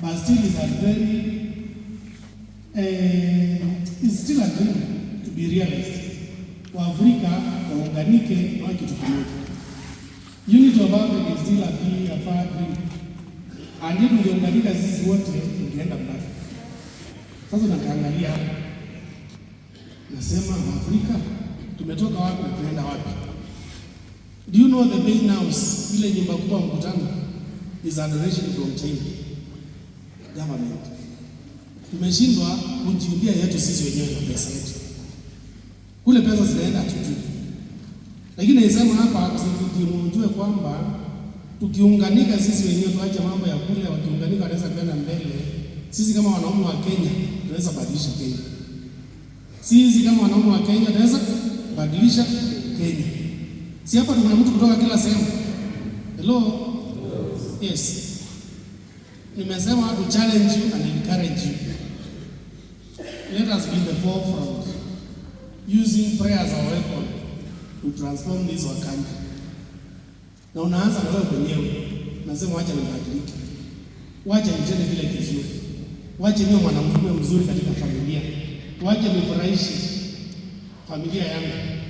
but still is a very uh, eh, is still a dream to be realized. Waafrika waunganike wa kitu kimoja. Unity of Africa is still a very far dream. And Anje tungeunganika sisi wote tungeenda mbali. Sasa nakaangalia nasema Afrika tumetoka wapi na tunaenda wapi? Do you know the main house ile nyumba kubwa mkutano is an donation from China government. Tumeshindwa kujiundia yetu sisi wenyewe na pesa yetu, kule pesa zinaenda tujui, lakini naisema hapa mjue kwamba tukiunganika sisi wenyewe, tuache mambo ya kule, wakiunganika wanaweza kwenda mbele. Sisi kama wanaume wa Kenya tunaweza badilisha Kenya. Sisi kama wanaume wa Kenya tunaweza badilisha Kenya. Si hapa tuna mtu kutoka kila sehemu. Hello. Yes, nimesema to challenge you and encourage you. Let us be the forefront using prayer as a weapon to transform this our country. Na unaanza na wewe mwenyewe. Nasema wacha nibadilike, wacha vile kizuri, wacha niwe mwanamke mzuri katika familia, wacha nifurahishe familia yangu.